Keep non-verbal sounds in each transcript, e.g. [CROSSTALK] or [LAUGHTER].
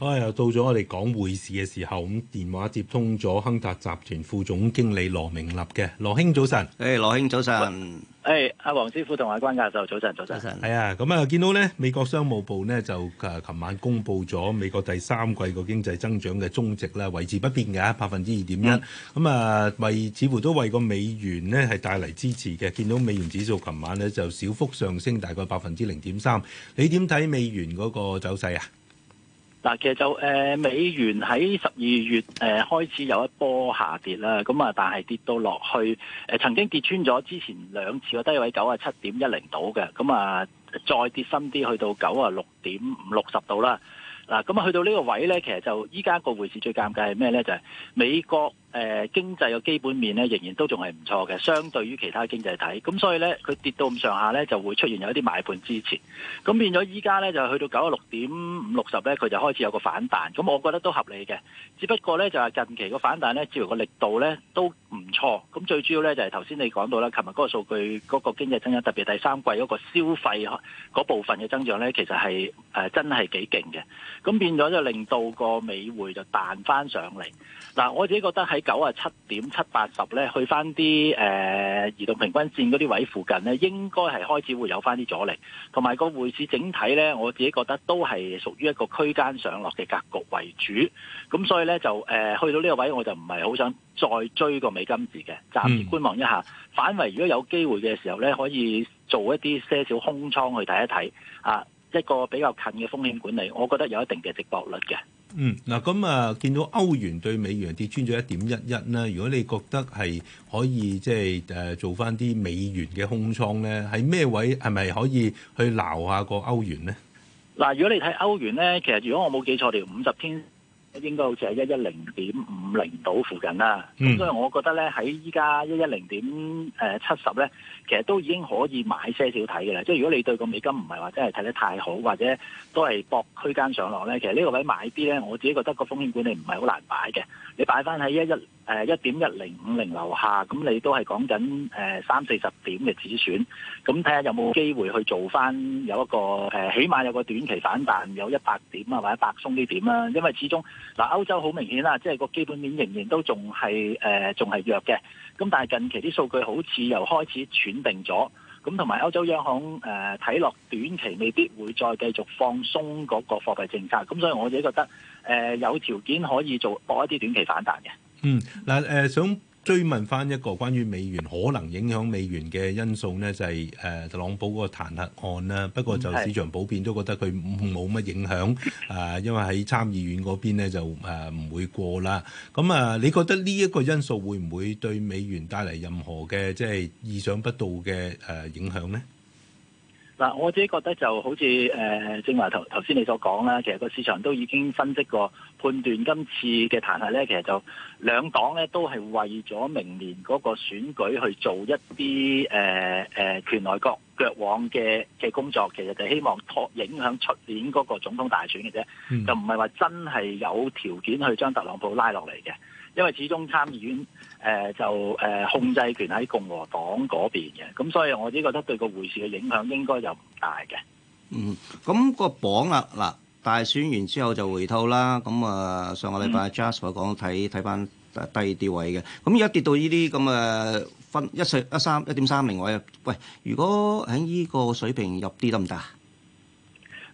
好、哎、到咗我哋講匯市嘅時候，咁電話接通咗亨達集團副總經理羅明立嘅，羅兄早晨。誒、哎，羅兄早晨。誒、哎，阿黃師傅同阿關教授早晨，早晨。係啊，咁、哎、啊，見到咧，美國商務部呢，就誒，琴、啊、晚公布咗美國第三季個經濟增長嘅終值啦，維持不變嘅，百分之二點一。咁、嗯嗯、啊，為似乎都為個美元呢係帶嚟支持嘅。見到美元指數琴晚呢就小幅上升，大概百分之零點三。你點睇美元嗰個走勢啊？嗱，其實就、呃、美元喺十二月誒、呃、開始有一波下跌啦，咁啊，但係跌到落去、呃、曾經跌穿咗之前兩次嘅低位九十七點一零度嘅，咁啊再跌深啲去到九十六點五六十度啦。嗱，咁啊去到呢個位咧，其實就依家個匯市最尷尬係咩咧？就係、是、美國。誒、呃、經濟嘅基本面咧，仍然都仲係唔錯嘅，相對於其他經濟體。咁所以咧，佢跌到咁上下咧，就會出現有一啲買盤支持。咁變咗依家咧，就去到九十六點五六十咧，佢就開始有一個反彈。咁我覺得都合理嘅。只不過咧，就係近期個反彈咧，似乎個力度咧都唔錯。咁最主要咧就係頭先你講到啦，琴日嗰個數據嗰、嗰個經濟增長，特別第三季嗰個消費嗰部分嘅增長咧，其實係誒、呃、真係幾勁嘅。咁變咗就令到個美匯就彈翻上嚟。嗱，我自己覺得喺九啊七點七八十咧，去翻啲誒移動平均線嗰啲位附近咧，應該係開始會有翻啲阻力，同埋個匯市整體咧，我自己覺得都係屬於一個區間上落嘅格局為主，咁所以咧就誒、呃、去到呢個位置，我就唔係好想再追個美金字嘅，暫時觀望一下、嗯，反為如果有機會嘅時候咧，可以做一啲些，些少空倉去睇一睇啊，一個比較近嘅風險管理，我覺得有一定嘅值博率嘅。嗯，嗱咁啊，見到歐元對美元跌穿咗一點一一咧。如果你覺得係可以即係誒做翻啲美元嘅空倉咧，喺咩位係咪可以去撈下個歐元咧？嗱，如果你睇歐元咧，其實如果我冇記錯條五十天。應該好似係一一零點五零到附近啦，咁、嗯、所以我覺得咧喺依家一一零點誒七十咧，其實都已經可以買些少睇嘅啦。即係如果你對個美金唔係話真係睇得太好，或者都係博區間上落咧，其實呢個位買啲咧，我自己覺得個風險管理唔係好難擺嘅。你擺翻喺一一。誒一點一零五零樓下，咁你都係講緊誒三四十點嘅止損，咁睇下有冇機會去做翻有一個、呃、起碼有個短期反彈，有一百點啊或者百鬆啲點啦、啊。因為始終嗱、呃、歐洲好明顯啦，即係個基本面仍然都仲係仲係弱嘅，咁但係近期啲數據好似又開始轉定咗，咁同埋歐洲央行睇落、呃、短期未必會再繼續放鬆嗰個貨幣政策，咁所以我自己覺得、呃、有條件可以做博一啲短期反彈嘅。嗯，嗱，誒想追問翻一個關於美元可能影響美元嘅因素咧，就係誒特朗普嗰個彈劾案啦。不過就市場普遍都覺得佢冇乜影響，啊，因為喺參議院嗰邊咧就誒唔會過啦。咁啊，你覺得呢一個因素會唔會對美元帶嚟任何嘅即係意想不到嘅誒影響咧？嗱，我自己覺得就好似誒，正話頭頭先你所講啦，其實個市場都已經分析過。判斷今次嘅彈劾咧，其實就兩黨咧都係為咗明年嗰個選舉去做一啲誒誒拳來腳往嘅嘅工作，其實就希望拖影響出年嗰個總統大選嘅啫，嗯，就唔係話真係有條件去將特朗普拉落嚟嘅，因為始終參議院誒、呃、就誒控制權喺共和黨嗰邊嘅，咁所以我只覺得對個匯市嘅影響應該又唔大嘅。嗯，咁、那個榜啊嗱。大選完之後就回吐啦，咁啊上個禮拜 Jasper 講睇睇翻低啲位嘅，咁而家跌到依啲咁嘅分一四一三一點三零位啊，喂，如果喺依個水平入啲得唔得？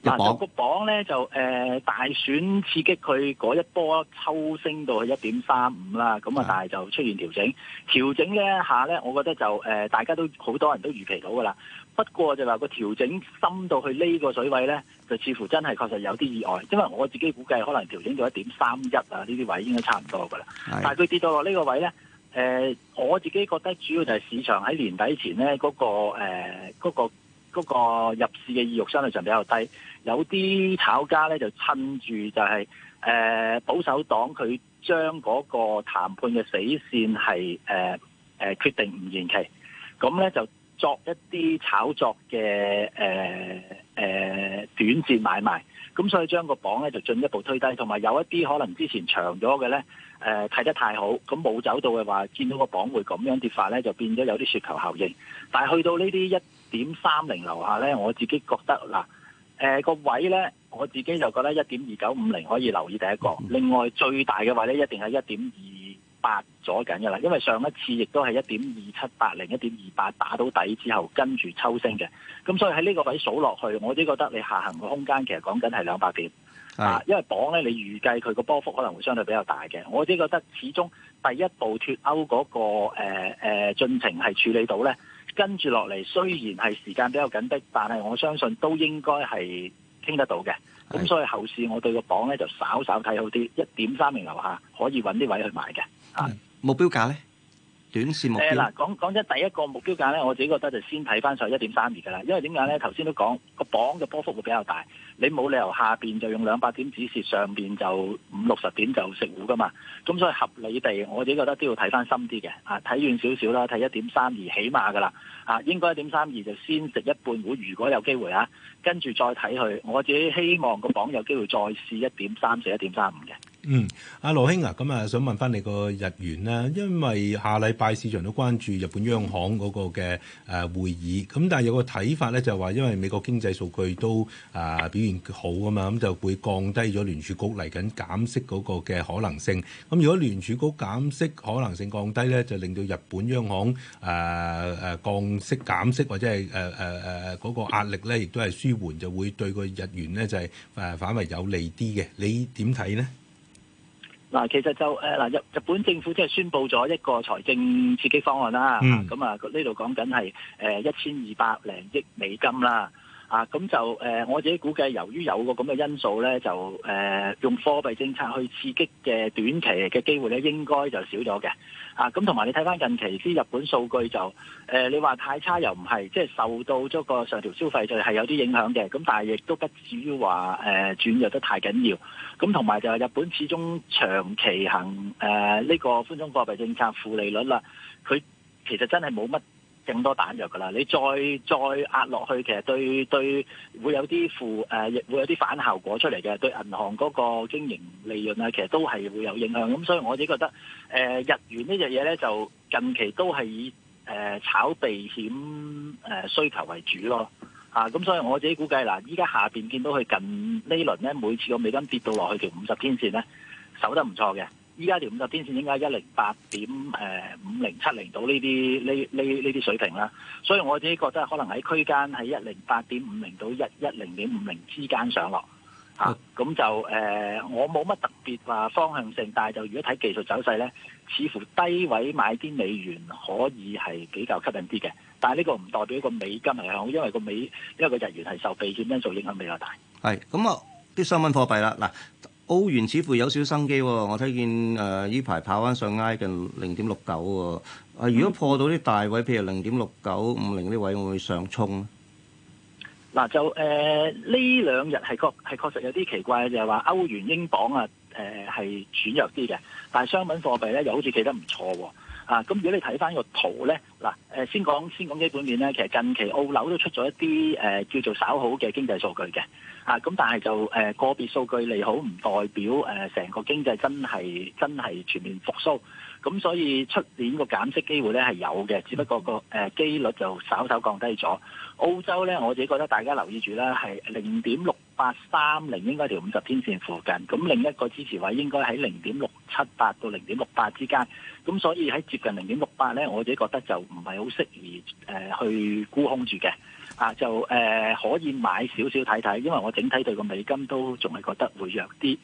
嗱，個榜咧就誒大選刺激佢嗰一波抽升到去一點三五啦，咁啊但係就出現調整，調整嘅一下咧，我覺得就誒大家都好多人都預期到噶啦。不過就話個調整深到去呢個水位呢，就似乎真係確實有啲意外。因為我自己估計可能調整到一點三一啊，呢啲位應該差唔多㗎喇。但係佢跌到落呢個位呢，誒、呃、我自己覺得主要就係市場喺年底前呢，嗰、嗰個誒嗰嗰入市嘅意欲相對上比較低，有啲炒家呢，就趁住就係、係、誒、呃、保守黨佢將嗰個談判嘅死線係誒誒決定唔延期，咁呢。就。作一啲炒作嘅、呃呃、短線買賣，咁所以將個榜咧就進一步推低，同埋有一啲可能之前長咗嘅咧，呃睇得太好，咁冇走到嘅話，見到個榜會咁樣跌法咧，就變咗有啲雪球效應。但係去到呢啲一點三零樓下咧，我自己覺得嗱、呃那個位咧，我自己就覺得一點二九五零可以留意第一個。另外最大嘅位咧，一定係一點二。八咗緊嘅啦，因為上一次亦都係一點二七八零、一點二八打到底之後跟住抽升嘅，咁所以喺呢個位數落去，我都覺得你下行嘅空間其實講緊係兩百點，啊，因為鎊咧你預計佢個波幅可能會相對比較大嘅，我都覺得始終第一步脫歐嗰、那個誒誒、呃、進程係處理到咧，跟住落嚟雖然係時間比較緊迫，但係我相信都應該係傾得到嘅，咁所以後市我對個鎊咧就稍稍睇好啲，一點三零樓下可以揾啲位去買嘅。嗯、目標價咧，短線目標誒，嗱，講講真，說說第一個目標價咧，我自己覺得就先睇翻上一點三二噶啦，因為點解咧？頭先都講個榜嘅波幅會比較大，你冇理由下邊就用兩百點止蝕，上邊就五六十點就食糊噶嘛。咁所以合理地，我自己覺得都要睇翻深啲嘅，啊睇遠少少啦，睇一點三二起碼噶啦，啊應該一點三二就先食一半糊，如果有機會啊，跟住再睇去。我自己希望個榜有機會再試一點三四、一點三五嘅。嗯，阿羅兄啊，咁啊想問返你個日元啦，因為下禮拜市場都關注日本央行嗰個嘅誒會議，咁但係有個睇法咧，就係話因為美國經濟數據都啊表現好啊嘛，咁就會降低咗聯儲局嚟緊減息嗰個嘅可能性。咁如果聯儲局減息可能性降低咧，就令到日本央行誒誒、呃、降息減息或者係誒誒誒嗰個壓力咧，亦都係舒緩，就會對個日元咧就係誒反為有利啲嘅。你點睇咧？嗱，其實就誒嗱，日日本政府即係宣布咗一個財政刺激方案啦，咁啊呢度講緊係誒一千二百零億美金啦。啊，咁就誒、呃，我自己估計，由於有個咁嘅因素咧，就誒、呃、用貨幣政策去刺激嘅短期嘅機會咧，應該就少咗嘅。啊，咁同埋你睇翻近期啲日本數據就誒、呃，你話太差又唔係，即係受到咗個上調消費就係有啲影響嘅。咁但係亦都不至於話誒、呃、轉弱得太緊要。咁同埋就係日本始終長期行誒呢、呃呢個寬鬆貨幣政策負利率啦，佢其實真係冇乜。更多彈藥㗎喇，你再再壓落去，其實對對會有啲負誒、呃，會有啲反效果出嚟嘅，對銀行嗰個經營利潤啊，其實都係會有影響的。咁所以我自己覺得，誒日元呢隻嘢咧，就近期都係以誒、呃、炒避險誒、呃、需求為主咯。啊，咁所以我自己估計嗱，依家下邊見到佢近這輪呢輪咧，每次個美金跌到落去條五十天線咧，守得唔錯嘅，依家條五十天線應該一零八點誒五零七零到呢啲呢呢啲水平啦，所以我自己覺得可能喺區間喺一零八點五零到一一零點五零之間上落吓，咁、啊啊、就誒、呃、我冇乜特別話方向性，但係就如果睇技術走勢咧，似乎低位買啲美元可以係比較吸引啲嘅，但係呢個唔代表個美金係向好，因為個美因為個日元係受避險因素影響比較大。係咁啊，啲商品貨幣啦嗱。澳元似乎有少少生機喎，我睇見誒依排跑翻上挨近零點六九喎。啊，如果破到啲大位，譬如零點六九五零嗰啲位，會唔會上衝咧？嗱，就誒呢兩日係確係確實有啲奇怪，就係話歐元、英鎊啊誒係轉弱啲嘅，但係商品貨幣咧又好似企得唔錯喎。啊，咁如果你睇翻個圖咧，嗱，誒先講先講基本面咧，其實近期澳樓都出咗一啲誒、呃、叫做稍好嘅經濟數據嘅，啊，咁但係就誒、呃、個別數據利好唔代表誒成、呃、個經濟真係真係全面復甦，咁所以出年個減息機會咧係有嘅，只不過、個誒、呃、機率就稍稍降低咗。澳洲咧，我自己覺得大家留意住啦，係零點六。八三零應該條五十天線附近，咁另一個支持位應該喺零點六七八到零點六八之間，咁所以喺接近零點六八呢，我自己覺得就唔係好適宜誒、呃、去沽空住嘅，啊，就誒、呃、可以買少少睇睇，因為我整體對個美金都仲係覺得會弱啲，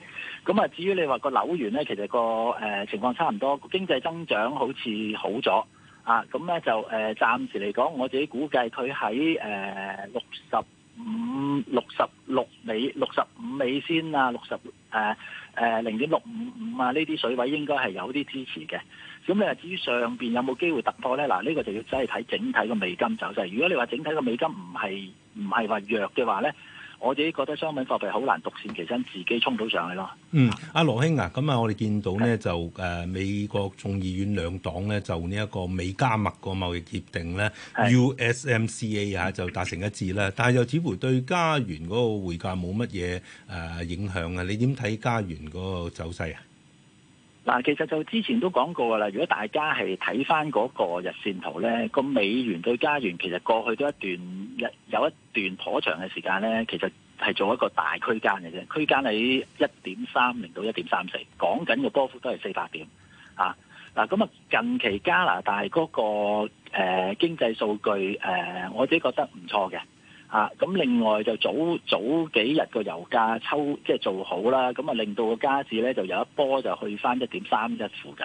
咁啊，至於你話個樓源呢，其實、個誒、呃、情況差唔多，經濟增長好似好咗，啊，咁呢就誒、呃、暫時嚟講，我自己估計佢喺誒六十。呃五、嗯、六十六尾，六十五尾先啊，六十誒誒零點六五五啊，呢啲水位應該係有啲支持嘅。咁你話至於上邊有冇機會突破咧？嗱，呢、呢個就要真係睇整體個美金走勢。如果你話整體嘅美金唔係唔係話弱嘅話咧。我自己覺得商品貨幣好難獨善其身，自己衝到上去咯。嗯，阿、啊、羅兄啊，咁啊，我哋見到咧就誒、呃、美國眾議院兩黨咧就呢一個美加墨個貿易協定咧 USMCA 啊，就達成一致啦。但係又似乎對加元嗰個匯價冇乜嘢誒影響啊？你點睇加元嗰個走勢啊？嗱，其實就之前都講過㗎啦。如果大家係睇翻嗰個日線圖咧，個美元對加元其實過去都一段有有一段頗長嘅時間咧，其實係做一個大區間嘅啫。區間喺一點三零到一點三四，講緊個波幅都係四百點啊。嗱，咁啊近期加拿大嗰、嗰個誒、呃、經濟數據、呃、我自己覺得唔錯嘅。啊，咁另外就早早幾日個油價抽即係做好啦，咁啊令到個加字咧就有一波就去翻一點三一附近，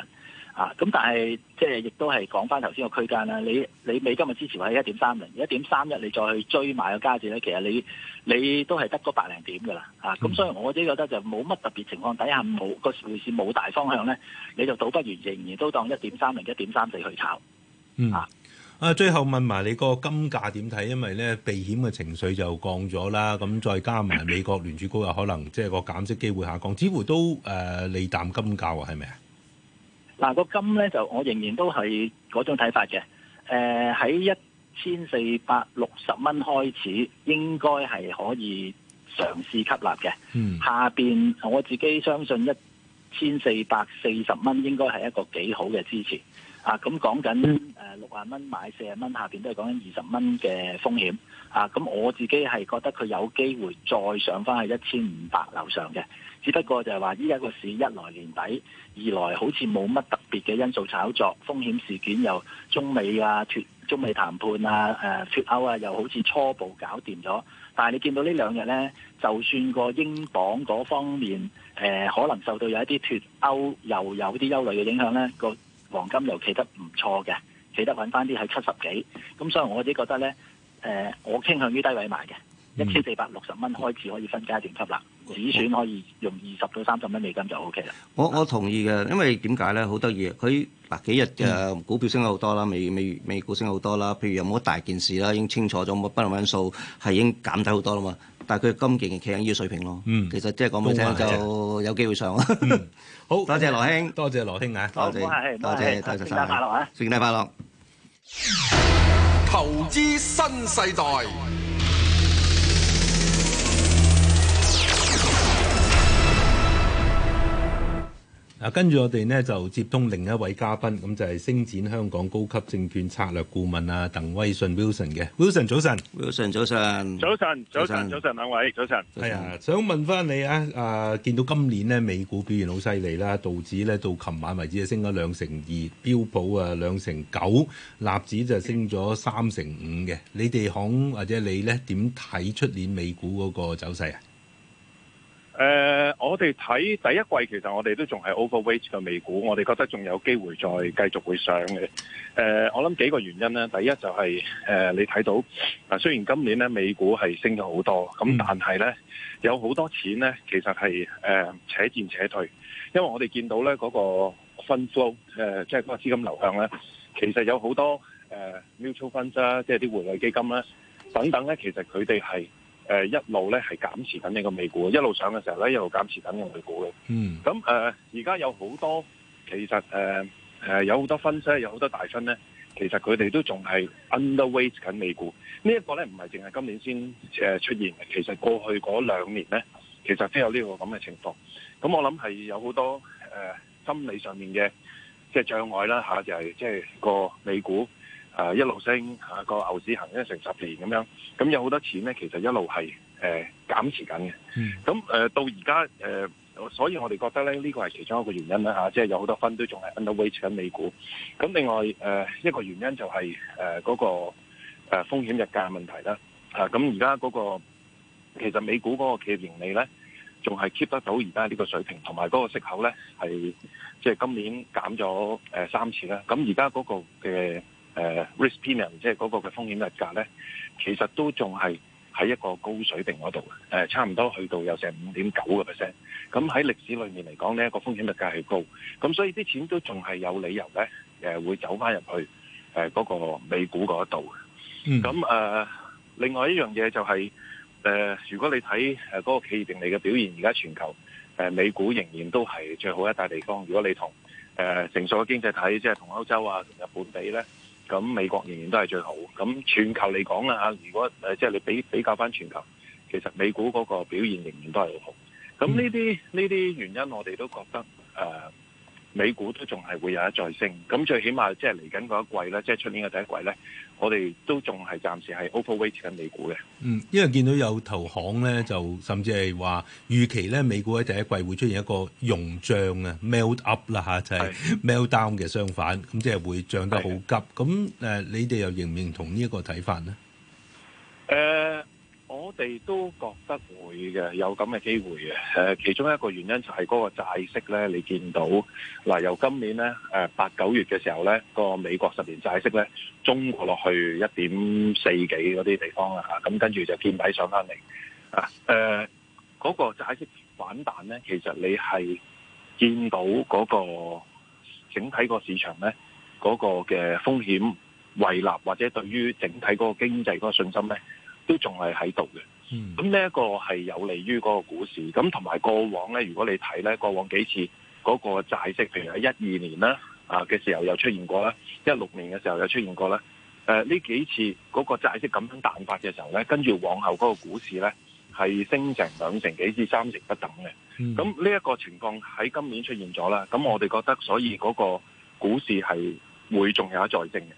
啊，咁但係即係亦都係講翻頭先個區間啦。你你美今日嘅支持喺一點三零，一點三一你再去追買個加字咧，其實你你都係得嗰百零點噶啦，啊，咁所以我自己覺得就冇乜特別情況底下冇個匯市冇大方向咧，你就倒不如仍然都當一點三零、一點三四去炒，嗯啊。嗯。啊，最後問埋你個金價點睇？因為咧避險嘅情緒就降咗啦，咁再加埋美國聯儲局又可能即係個減息機會下降，似乎都誒利淡金價喎，係咪啊？嗱、那，個金咧就我仍然都係嗰種睇法嘅，誒喺一千四百六十蚊開始應該係可以嘗試吸納嘅，嗯，下面我自己相信一千四百四十蚊應該係一個幾好嘅支持。啊，咁講緊誒六萬蚊買四十蚊，下邊都係講緊二十蚊嘅風險。啊，咁我自己係覺得佢有機會再上翻去一千五百樓上嘅。只不過就係話依家個市一來年底，二來好似冇乜特別嘅因素炒作風險事件，又中美啊脫中美談判啊誒脫歐啊，又好似初步搞掂咗。但係你見到呢兩日呢，就算個英鎊嗰方面誒、呃、可能受到有一啲脫歐又有啲憂慮嘅影響呢。個。黃金又企得唔錯嘅，企得搵翻啲係七十幾，咁所以我自己覺得咧、呃，我傾向於低位買嘅，一千四百六十蚊開始可以分階段吸啦，止損可以用二十到三十蚊美金就 O K 啦。我我同意嘅，因為點解咧？好得意佢嗱幾日、嗯、股票升咗好多啦，美美美股升好多啦，譬如有冇大件事啦？已經清楚咗，冇不利因素係已經減低好多啦嘛。但係佢今期企喺呢個水平咯，其實即係講唔定就有機會上。好，多謝羅兄，多謝羅兄啊，多謝，多謝，多謝，大家快樂啊，聖誕快樂。投資新世代。啊，跟住我哋呢，就接通另一位嘉賓，咁就係星展香港高級證券策略顧問啊，鄧威信 Wilson 嘅 Wilson 早晨，Wilson 早晨，早晨，早晨，早晨兩位早晨。係啊，想問翻你啊，啊見到今年呢美股表現好犀利啦，道指呢到琴晚為止啊升咗兩成二，標普啊兩成九，納指就升咗三成五嘅，你哋行或者你呢點睇出年美股嗰個走勢啊？誒、uh。我哋睇第一季，其實我哋都仲係 overweight 嘅美股，我哋覺得仲有機會再繼續會上嘅、呃。我諗幾個原因咧。第一就係、是呃、你睇到啊，雖然今年咧美股係升咗好多，咁但係咧有好多錢咧，其實係扯、呃、且戰且退，因為我哋見到咧嗰、嗰個 fund flow、呃、即係嗰個資金流向咧，其實有好多、呃、mutual funds 啦、啊，即係啲互惠基金咧、啊，等等咧，其實佢哋係。誒、嗯、一路咧係減持緊呢個美股，一路上嘅時候咧一路減持緊嘅美股嘅。嗯。咁、呃、誒，而家有好多其實誒、呃呃、有好多分析，有好多大分咧，其實佢哋都仲係 underweight 緊美股。這個，呢一個咧唔係淨係今年先出現，其實過去嗰兩年咧，其實都有呢個咁嘅情況。咁我諗係有好多誒、呃、心理上面嘅即係障礙啦下、啊、就係、是，即係個美股。啊！一路升嚇個牛市行咗成十年咁樣，咁有好多錢咧。其實一路係誒減持緊嘅。咁、嗯、誒到而家誒，所以我哋覺得咧，呢個係其中一個原因啦嚇，即係有好多分都仲係 underweight 緊美股。咁另外誒一個原因就係誒嗰個誒風險溢價問題啦。啊、那個，咁而家嗰個其實美股嗰個企業盈利咧，仲係 keep 得到而家呢個水平，同埋嗰個息口咧係即係今年減咗誒三次啦。咁而家嗰個嘅。誒、啊、risk premium 即係嗰個嘅風險溢價咧，其實都仲係喺一個高水平嗰度嘅，差唔多去到有成五點九個 percent。咁喺歷史裏面嚟講呢，個風險溢價係高，咁所以啲錢都仲係有理由咧、啊，會走翻入去嗰、啊那個美股嗰度嘅。咁、嗯、誒、啊，另外一樣嘢就係、是、誒、啊，如果你睇嗰個企業盈利嘅表現，而家全球、啊、美股仍然都係最好一笪地方。如果你同誒、啊、成熟嘅經濟體，即係同歐洲啊、同日本比咧。咁美國仍然都係最好，咁全球嚟講啦嚇，如果誒即係你比比較翻全球，其實美股嗰個表現仍然都係好好。咁呢啲呢啲原因我哋都覺得誒。呃美股都仲係會有一再升，咁最起碼即係嚟緊嗰一季咧，即係出年嘅第一季咧，我哋都仲係暫時係 overweight 緊美股嘅。嗯，因為見到有投行咧，就甚至係話預期咧，美股喺第一季會出現一個融漲啊，melt up 啦嚇，就係 melt down 嘅相反，咁即係會漲得好急。咁誒，你哋又認唔認同呢一個睇法咧？誒、呃。我哋都覺得會嘅，有咁嘅機會嘅、呃。其中一個原因就係嗰個債息咧，你見到嗱、呃，由今年咧誒八九月嘅時候咧，嗰個美國十年債息咧，中落去一點四幾嗰啲地方啦嚇，咁、啊、跟住就見底上翻嚟啊。誒、呃，嗰、嗰個債息反彈咧，其實你係見到嗰個整體個市場咧，嗰、嗰個嘅風險胃納，或者對於整體嗰個經濟嗰個信心咧，都仲係喺度嘅，咁呢一個係有利於嗰個股市。咁同埋過往呢，如果你睇呢過往幾次嗰個債息，譬如喺一二年啦啊嘅時候又出現過啦，一六年嘅時候又出現過啦。呢幾次嗰個債息咁樣彈發嘅時候呢，跟住往後嗰個股市呢，係升成兩成幾至三成不等嘅。咁呢一個情況喺今年出現咗啦，咁我哋覺得所以嗰個股市係會仲有一再升嘅。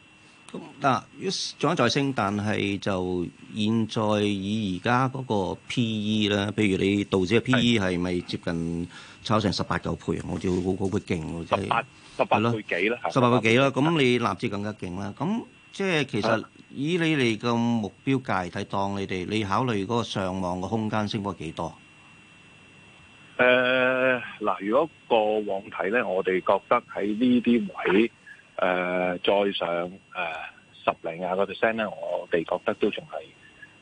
咁嗱，仲有在升，但係就現在以而家嗰個 P E 啦，譬如你道指嘅 P E 係咪接近炒成十八九倍啊？我見好高好勁喎，即係十八十八倍幾咧？十八倍幾啦？咁你納指更加勁啦。咁即係其實以你哋嘅目標價睇，當你哋你考慮嗰個上望嘅空間，升幅幾多？誒嗱，如果過往睇咧，我哋覺得喺呢啲位。誒、呃、再上誒十零啊個 percent 咧，我哋覺得都仲係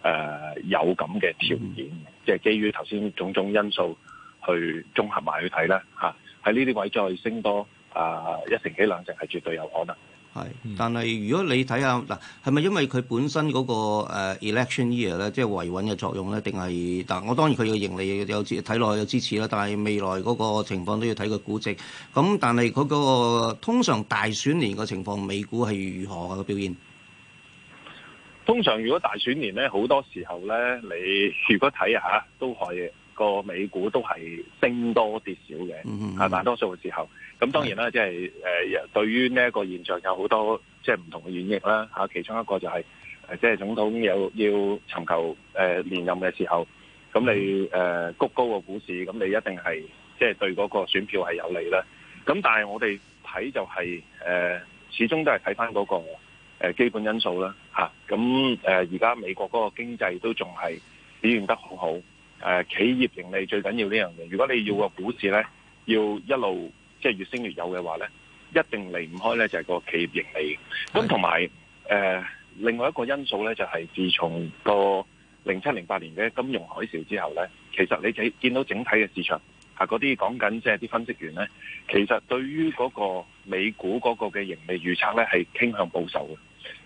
誒有咁嘅條件，即、就、係、是、基於頭先種種因素去綜合埋去睇啦。嚇、啊。喺呢啲位再升多啊一、呃、成幾兩成係絕對有可能。係，但係如果你睇下嗱，係咪因為佢本身嗰個誒 election year 咧，即係維穩嘅作用咧？定係嗱，但我當然佢要盈利有支，睇落去有支持啦。但係未來嗰個情況都要睇佢估值。咁但係嗰、嗰個通常大選年嘅情況，美股係如何嘅表現？通常如果大選年咧，好多時候咧，你如果睇下，都可以。個美股都係升多跌少嘅，係、嗯、大、嗯嗯啊、多數嘅時候，咁當然啦，即係誒，對於呢一個現象有好多即係唔同嘅演繹啦。吓，其中一個就係、是、誒、即、呃、係總統有要尋求誒、呃、連任嘅時候，咁你誒、呃、谷高個股市，咁你一定係即係對嗰個選票係有利啦。咁但係我哋睇就係、是、誒、呃，始終都係睇翻嗰個誒、呃、基本因素啦。吓、啊，咁誒而家美國嗰個經濟都仲係表現得好好。啊、企業盈利最緊要呢樣嘢。如果你要個股市呢，要一路即係越升越有嘅話呢，一定離唔開呢就係、是、個企業盈利。咁同埋誒，另外一個因素呢，就係、是、自從個零七零八年嘅金融海嘯之後呢，其實你睇見到整體嘅市場，吓嗰啲講緊即係啲分析員呢，其實對於嗰個美股嗰個嘅盈利預測呢係傾向保守嘅。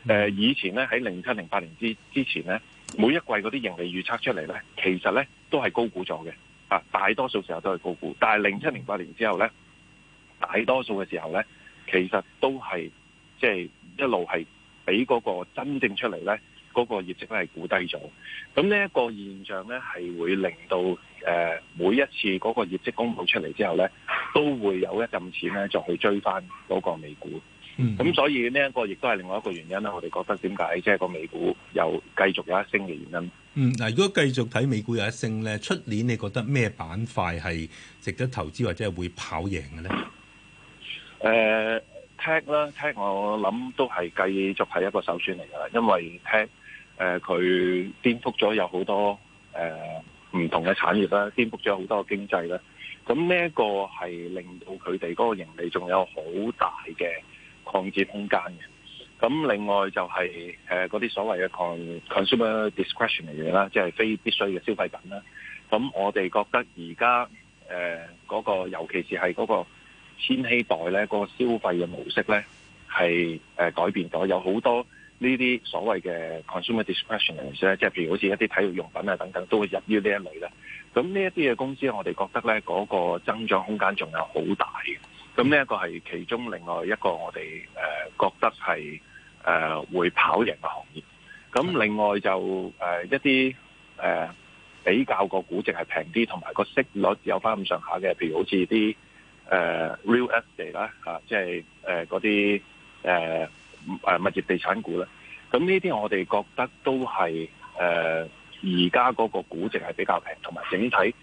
誒、呃，以前呢，喺零七零八年之之前呢，每一季嗰啲盈利預測出嚟呢，其實呢。都係高估咗嘅，啊、大多數時候都係高估，但係零七零八年之後呢，大多數嘅時候呢，其實都係即係一路係俾嗰個真正出嚟呢嗰個業績都係估低咗。咁呢一個現象呢，係會令到誒、呃、每一次嗰個業績公佈出嚟之後呢，都會有一陣錢呢就去追翻嗰個美股。咁所以呢一個亦都係另外一個原因啦，我哋覺得點解即係個美股又繼續有一升嘅原因？嗯，嗱，如果繼續睇美股有一升咧，出年你覺得咩板塊係值得投資或者係會跑贏嘅咧？誒、呃、Tech 啦 Tech 我諗都係繼續係一個首選嚟嘅，因為 Tech 佢、呃、顛覆咗有好多誒唔、呃、同嘅產業啦，顛覆咗好多嘅經濟啦，咁呢一個係令到佢哋嗰個盈利仲有好大嘅擴展空間嘅。咁另外就係誒嗰啲所謂嘅 consumer discretion 嘅嘢啦，即係非必需嘅消費品啦。咁我哋覺得而家誒嗰個，尤其是係嗰個千禧代咧，嗰個消費嘅模式咧，係改變咗，有好多呢啲所謂嘅 consumer discretion 嘅嘢，即係譬如好似一啲體育用品啊等等，都會入於呢一類啦。咁呢一啲嘅公司，我哋覺得咧，嗰個增長空間仲有好大嘅。咁呢一個係其中另外一個我哋誒覺得係，誒、呃，會跑贏嘅行業，咁另外就誒、呃、一啲誒、呃、比較個估值，係平啲，同埋個息率有翻咁上下嘅，譬如好似啲誒 real estate 啦，吓，即係誒嗰啲誒誒物業地產股啦，咁呢啲我哋覺得都係誒而家嗰個估值係比較平，同埋整體誒嗰、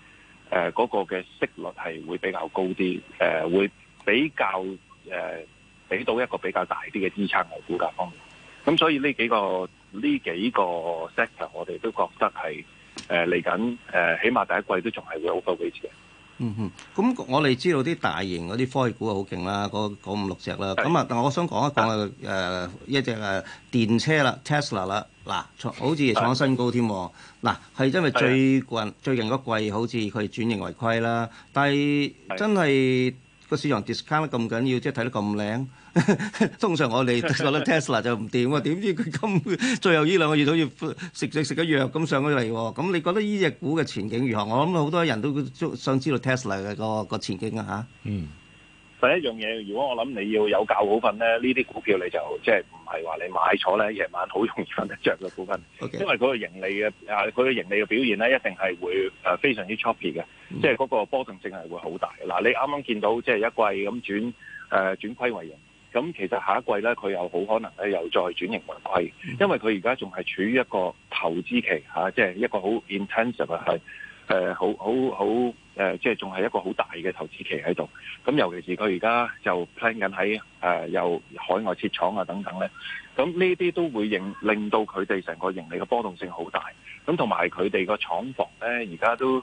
呃那個嘅息率係會比較高啲，誒、呃、會比較誒。呃俾到一個比較大啲嘅支撐嘅股價方面，咁所以呢幾個呢幾個 sector 我哋都覺得係誒嚟緊誒，起碼第一季都仲係會好高位置嘅。嗯嗯，咁我哋知道啲大型嗰啲科技股好勁、呃、啦，嗰五六隻啦。咁啊，但係我想講一講誒，一隻誒電車啦，Tesla 啦，嗱，好似創新高添。嗱，係因為最近最近嗰季好似佢轉型為虧啦，但係真係。個市場 discount 得咁緊要，即係睇得咁靚。 [LAUGHS] 通常我哋覺得 Tesla 就唔掂喎，點 [LAUGHS] 知佢今最後呢兩個月好似食食食咗藥咁上咗嚟喎。咁你覺得呢隻股嘅前景如何？我諗好多人都想知道 Tesla 嘅、嗰個、嗰個前景啊嚇。嗯。第一樣嘢，如果我諗你要有覺好瞓咧，呢啲股票你就即係唔係話你買咗咧，夜晚好容易瞓得着嘅股份，okay. 因為嗰個盈利嘅嗰個盈利嘅表現咧，一定係會非常之 choppy 嘅，即係嗰個波動性係會好大。嗱，你啱啱見到即係一季咁轉誒、呃、轉虧為盈，咁其實下一季咧，佢又好可能咧又再轉盈為虧，嗯、因為佢而家仲係處於一個投資期即係、啊即係、一個好 intensive 係好好好。好好誒、呃，即係仲係一個好大嘅投資期喺度，咁尤其是佢而家就 plan 緊喺誒，又、呃、海外設廠啊等等咧，咁呢啲都會認令到佢哋成個盈利嘅波動性好大，咁同埋佢哋個廠房咧，而家都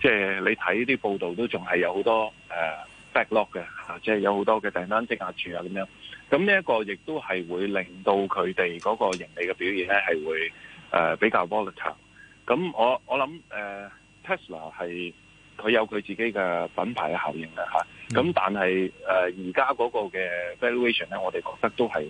即係、就是、你睇啲報道都仲係有好多誒、呃、backlog 嘅嚇，即、啊、係、就是、有好多嘅訂單積壓住啊咁樣，咁呢一個亦都係會令到佢哋嗰個盈利嘅表現咧係會誒、呃、比較 volatile。咁我我諗誒、呃、Tesla 係。佢有佢自己嘅品牌嘅效應啦嚇，咁但係誒而家嗰個嘅 valuation 咧，我哋覺得都係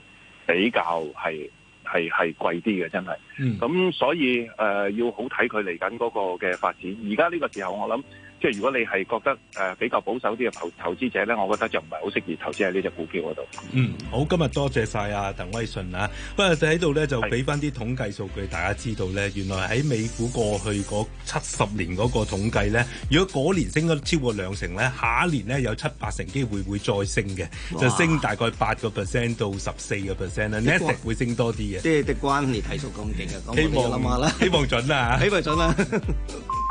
比較係係係貴啲嘅，真係。咁所以誒、呃、要好睇佢嚟緊嗰個嘅發展。而家呢個時候，我諗。即係如果你係覺得誒比較保守啲嘅投投資者咧，我覺得就唔係好適宜投資喺呢隻股票嗰度。嗯，好，今日多謝晒啊，鄧威信啊，不過就喺度咧就俾翻啲統計數據，大家知道咧，原來喺美股過去嗰七十年嗰個統計咧，如果嗰年升咗超過兩成咧，下一年咧有七八成機會會再升嘅，就升大概八個 percent 到十四個 percent 咧，一直、啊、會升多啲嘅。即係狄關年體數咁勁嘅，希望諗下啦，希望準啊，啊希望準啦、啊。 [LAUGHS]